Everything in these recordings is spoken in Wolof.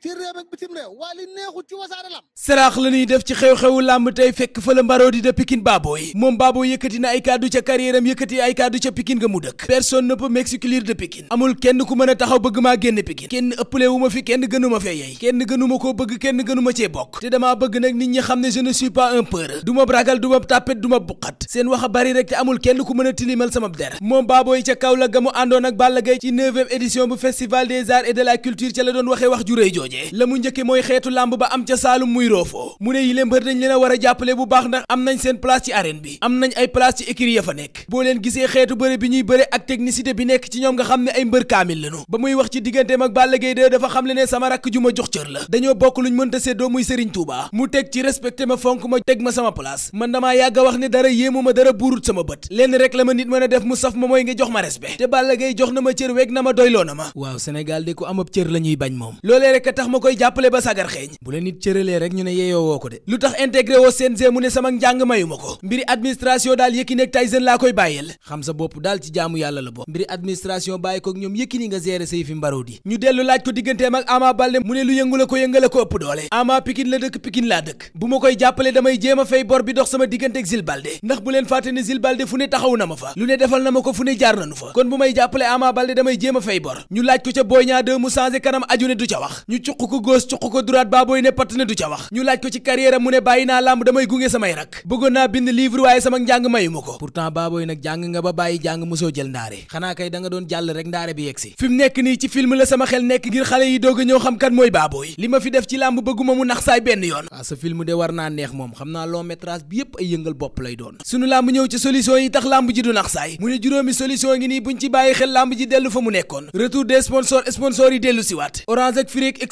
ci réew ak bitim réew waa li neexul ci wasaare lam saraax la ñuy def ci xew-xewu làmb tey fekk fa la mbaroodi de Pikine Baboy moom Baboy yëkkati na ay kàddu ca carrière am yëkkati ay kàddu ca Pikine nga mu dëkk personne ne peut m'exclure de Pikine amul kenn ku mën a taxaw bëgg ma génn Pikine kenn ëppale wu ma fi kenn gënuma fee yey kenn gënuma ko bëgg kenn gënuma cee bokk te damaa bëgg nag nit ñi xam ne je ne suis pas un peureux du ragal du tàppet du ma seen wax bari rek te amul kenn ku mën a tilimal sama der moom Baboy ca kaw la ga wax ju rëy jooje la mu njëkke mooy xeetu làmb ba am ca saalum muy roofoo mu ne yile mbër dañ leen a war a jàppale bu baax ndax am nañ seen place ci arène bi am nañ ay place ci écurie ya fa nekk boo leen gisee xeetu bëre bi ñuy bëre ak technicité bi nekk ci ñoom nga xam ne ay mbër kaamil lañu ba muy wax ci digganteem ak Balla Gaye 2 dafa xam le ne sama rakk ju ma jox cër la dañoo bokk luñ mënta séddoo muy Serigne Touba mu teg ci respecté ma fonk ma teg ma sama place a wax ne dara yéemu ma dara buurut lenn rek la ma nit mën a def mu saf ma mooy ma respect te jox ma cër weeg na ma doyloo na ma waaw Sénégal de la ñuy bañ moom loolee tax ma koy jàppale ba sagar xeeñ bu la nit cëralee rek ñu ne yeeyoo ko de lu tax intégré woo CNG mu ne sama njàng mayu ko mbiri administration daal Yékini ak Tyson laa koy bàyyeel xam sa bopp daal ci jaamu yàlla la bopp mbiri administration bàyyi ko ñoom Yékini nga gérer say fi mbaroo di ñu dellu laaj ko digganteem ak Ama Baldé mu ne lu yëngu ko yëngal a ko ëpp doole Ama Pikine la dëkk Pikine laa dëkk bu ma koy jàppale damay jéem a fay bor bi dox sama taxaw na ma fa lu ne defal na ma ko fu ne jaar nanu may jàppale Ama Baldé damay jéem a wax cuq ko gauche cuq ko droite baabooy ne patt ne du ca wax ñu laaj ko ci carrière mu ne bàyyi naa làmb damay gunge samay rak bëggoon naa bind livre waaye sama njàng mayu ma ko pourtant baabooy nag jàng nga ba bàyyi jàng mosoo jël ndaare xanaa kay da nga doon jàll rek ndaare bi yegsi fi mu nekk nii ci film la sama xel nekk ngir xale yi doog a ñëw xam kan mooy baabooy li ma fi def ci làmb bëgguma mu nax saay benn yoon waaw ah sa film de war naa neex moom xam naa long métrage bi yépp ay yëngal lay doon sunu làmb ñëw ci solution yi tax làmb ji du nax saay mu ne juróomi solution ngi nii buñ ci bàyyi xel làmb ji dellu fa mu nekkoon retour des sponsors sponsors yi dellu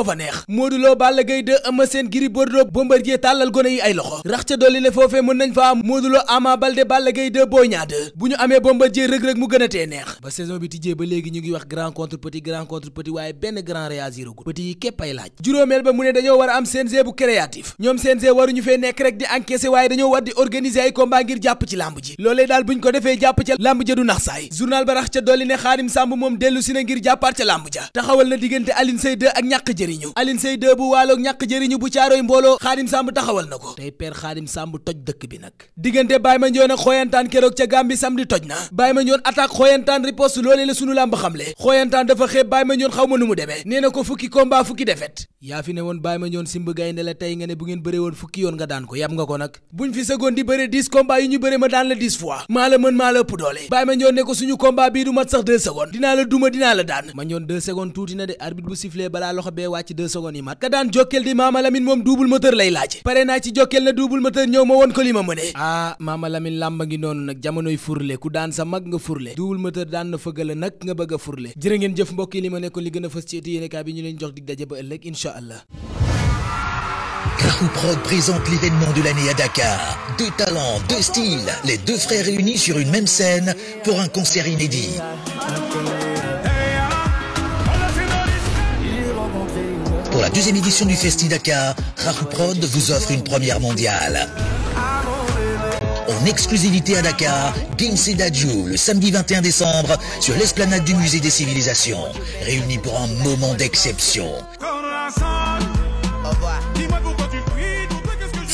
moo fa neex Modou Lo Balla Gaye 2 Eumeu Sène Gris Bombardier tàllal gone yi ay loxo rax ca dolli ne foofee mën nañ fa am Modou Lo Ama Baldé Balla Gaye 2 Boy bu ñu amee Bombardier rëg-rëg mu gën neex ba saison bi tijjee ba léegi ñu ngi wax grand contre grand contre waaye benn grand réagiragul petit yi képp ay laaj juróomeel ba mu ne dañoo war a am CNG bu créatif ñoom CNG waruñu fee nekk rek di encaisser waaye dañoo war di organiser jëriñu Alioune Seye bu waaloog ñàkk jëriñu bu caaroy mbooloo xaadim sàmb taxawal na ko tey père xaadim sàmb toj dëkk bi nag diggante Baye xooyantaan keroog ca Gàmbi samedi toj na Baye ma nu simb gaynde la tey nga ne bu ngeen bëre woon fukki yoon nga daan ko yam nga ko nag buñ fi seconde di bëre 10 combat yu ñu bëre ma daan la 10 fois maa la mën maa la ëpp doole Baye Mandione ne ko suñu combat bii du mat sax dinaa la duma dinaa la daan Mandione 2 secondes combat ci deux secondes yi mat ka daan jokkeel di Maama moom double moteur lay laaj pare naa ci jokkeel na double moteur ñëw ma woon ko li ma mënee ah Maama a làmba ngi noonu nag jamonoy furle ku daan sa mag nga furle double moteur daan na fëggala nag nga bëgg a furle jërë ngeen jëf mbokk yi li nekkoon li gën a fës ci éti yéenekaay bi ñu leen jox dig daje ba ëllëg incha allah Rahuprod présente l'événement de l'année à Dakar. Deux talents, deux styles, les deux frères réunis sur La deuxième édition du Festi Dakar, Rahu Prod vous offre une première mondiale. En exclusivité à Dakar, Gims et Dadju, le samedi décembre, sur l'esplanade du Musée des Civilisations, réunis pour un moment d'exception.